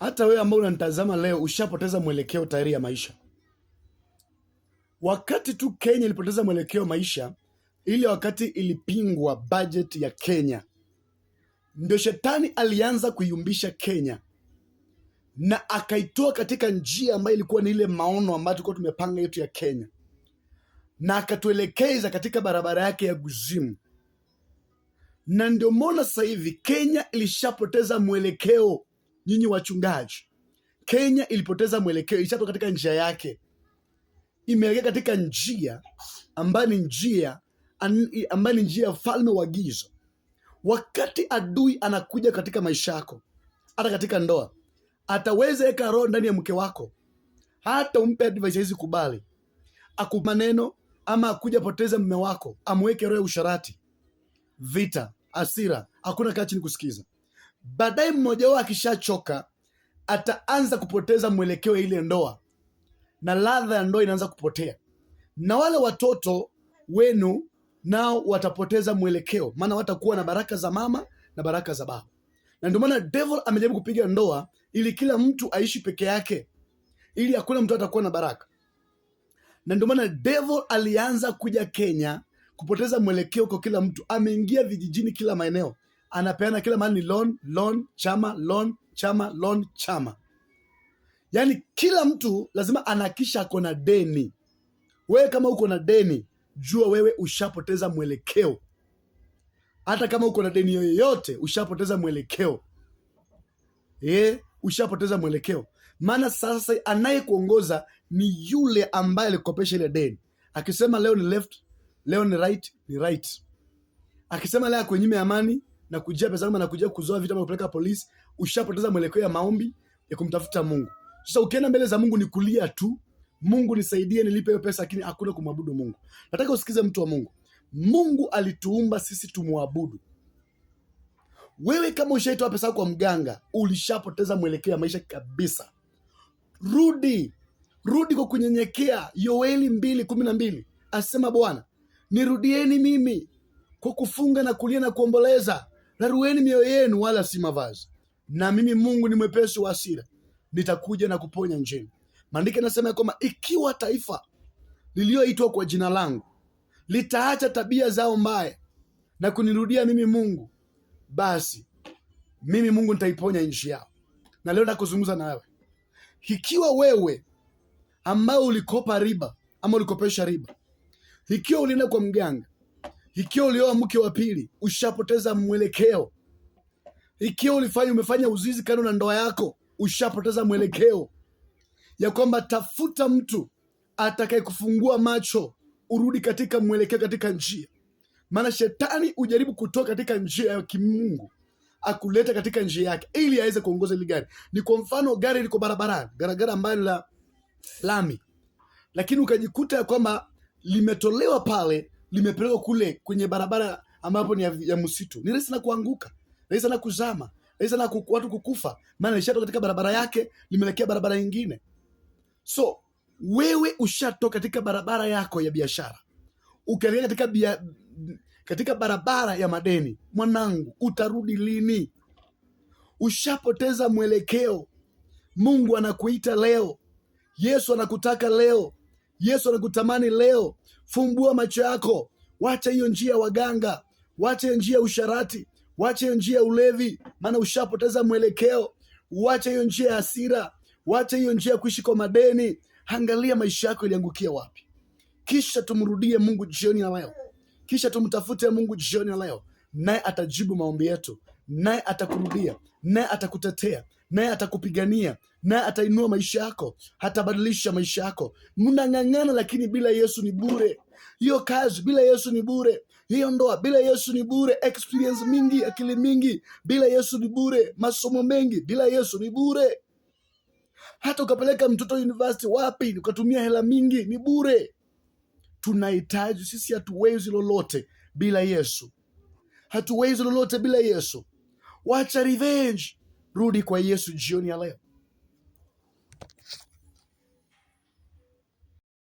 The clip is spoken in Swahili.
hata wewe ambao unanitazama leo ushapoteza mwelekeo tayari ya maisha. Wakati tu Kenya ilipoteza mwelekeo wa maisha, ile wakati ilipingwa bajeti ya Kenya, ndio shetani alianza kuiumbisha Kenya na akaitoa katika njia ambayo ilikuwa ni ile maono ambayo tulikuwa tumepanga yetu ya Kenya, na akatuelekeza katika barabara yake ya kuzimu. Na ndio maana sasa hivi Kenya ilishapoteza mwelekeo nyinyi wachungaji, Kenya ilipoteza mwelekeo, ishatoka katika njia yake, imeelekea katika njia ambayo ni njia ambayo ni njia ya falme wa giza. Wakati adui anakuja katika maisha yako, hata katika ndoa, ataweza weka roho ndani ya mke wako, hata umpe advice hizi, kubali aku maneno ama akuja poteza mume wako, amweke roho ya usharati, vita, hasira, hakuna kachi ni kusikiza. Baadaye mmoja wao akishachoka ataanza kupoteza mwelekeo ya ile ndoa na ladha ya ndoa inaanza kupotea, na wale watoto wenu nao watapoteza mwelekeo, maana watakuwa na baraka za mama na baraka za baba. Na ndio maana devil amejaribu kupiga ndoa ili kila mtu aishi peke yake, ili hakuna mtu atakuwa na baraka. Na ndio maana devil alianza kuja Kenya kupoteza mwelekeo kwa kila mtu, ameingia vijijini, kila maeneo anapeana kila mahali ni loan, loan, chama loan, chama loan, chama. Yaani kila mtu lazima anakisha ako na deni. Wewe kama uko na deni, jua wewe ushapoteza mwelekeo. Hata kama uko na deni yoyote, ushapoteza mwelekeo eh, ushapoteza mwelekeo. Maana sasa anayekuongoza ni yule ambaye alikopesha ile deni. Akisema leo ni left, leo ni right, ni right. Akisema leo kwenyime amani na kujia pesa na kujia kuzoa vitu ama kupeleka polisi, ushapoteza mwelekeo ya maombi ya kumtafuta Mungu. Sasa ukienda mbele za Mungu ni kulia tu, Mungu nisaidie, nilipe hiyo pesa, lakini hakuna kumwabudu Mungu. Nataka usikize mtu wa Mungu, Mungu alituumba sisi tumwabudu. Wewe kama ushaitoa pesa kwa mganga, ulishapoteza mwelekeo ya maisha kabisa. Rudi, rudi kwa kunyenyekea. Yoeli mbili kumi na mbili asema Bwana, nirudieni mimi kwa kufunga na kulia na kuomboleza rarueni mioyo yenu, wala si mavazi, na mimi Mungu ni mwepesi wa hasira, nitakuja na kuponya njema. Maandiko yanasema ya kwamba ikiwa taifa liliyoitwa kwa jina langu litaacha tabia zao mbaya na kunirudia mimi Mungu, basi mimi Mungu nitaiponya nchi yao. Na leo nakuzungumza na wewe, ikiwa wewe ambao ulikopa riba ama ulikopesha riba, ikiwa ulienda kwa mganga ikiwa ulioa mke wa pili, ushapoteza mwelekeo. Ikiwa ulifanya umefanya uzizi kando na ndoa yako, ushapoteza mwelekeo ya kwamba tafuta mtu atakayekufungua kufungua macho urudi katika mwelekeo, katika njia. Maana shetani ujaribu kutoka katika njia ya kimungu akuleta katika njia yake ili aweze kuongoza ile gari. Ni kwa mfano gari liko barabarani, garagara ambayo la lami, lakini ukajikuta ya kwamba limetolewa pale limepelekwa kule kwenye barabara ambapo ni ya, ya msitu, ni rahisi sana kuanguka, rahisi sana kuzama, rahisi sana watu kukufa, maana lishatoka katika barabara yake limeelekea barabara nyingine. So wewe ushatoka katika barabara yako ya biashara ukielekea katika bia, katika barabara ya madeni, mwanangu, utarudi lini? Ushapoteza mwelekeo. Mungu anakuita leo, Yesu anakutaka leo. Yesu anakutamani leo, fumbua macho yako, wacha hiyo njia ya waganga, wacha hiyo njia ya usharati, wacha hiyo njia ya ulevi, maana ushapoteza mwelekeo. Wacha hiyo njia ya hasira, wacha hiyo njia ya kuishi kwa madeni. Angalia maisha yako iliangukia wapi, kisha tumrudie Mungu jioni ya leo, kisha tumtafute Mungu jioni ya leo, naye atajibu maombi yetu naye atakurudia, naye atakutetea, naye atakupigania, naye atainua maisha yako, atabadilisha maisha yako. Mnang'ang'ana, lakini bila Yesu ni bure. Hiyo kazi bila Yesu ni bure. Hiyo ndoa bila Yesu ni bure. Experience mingi, akili mingi bila Yesu ni bure. Masomo mengi bila Yesu ni bure. Hata ukapeleka mtoto university wapi, ukatumia hela mingi, ni bure. Tunahitaji sisi, hatuwezi lolote bila Yesu, hatuwezi lolote bila Yesu. What's a revenge? Rudi koji jesu Junior Leo.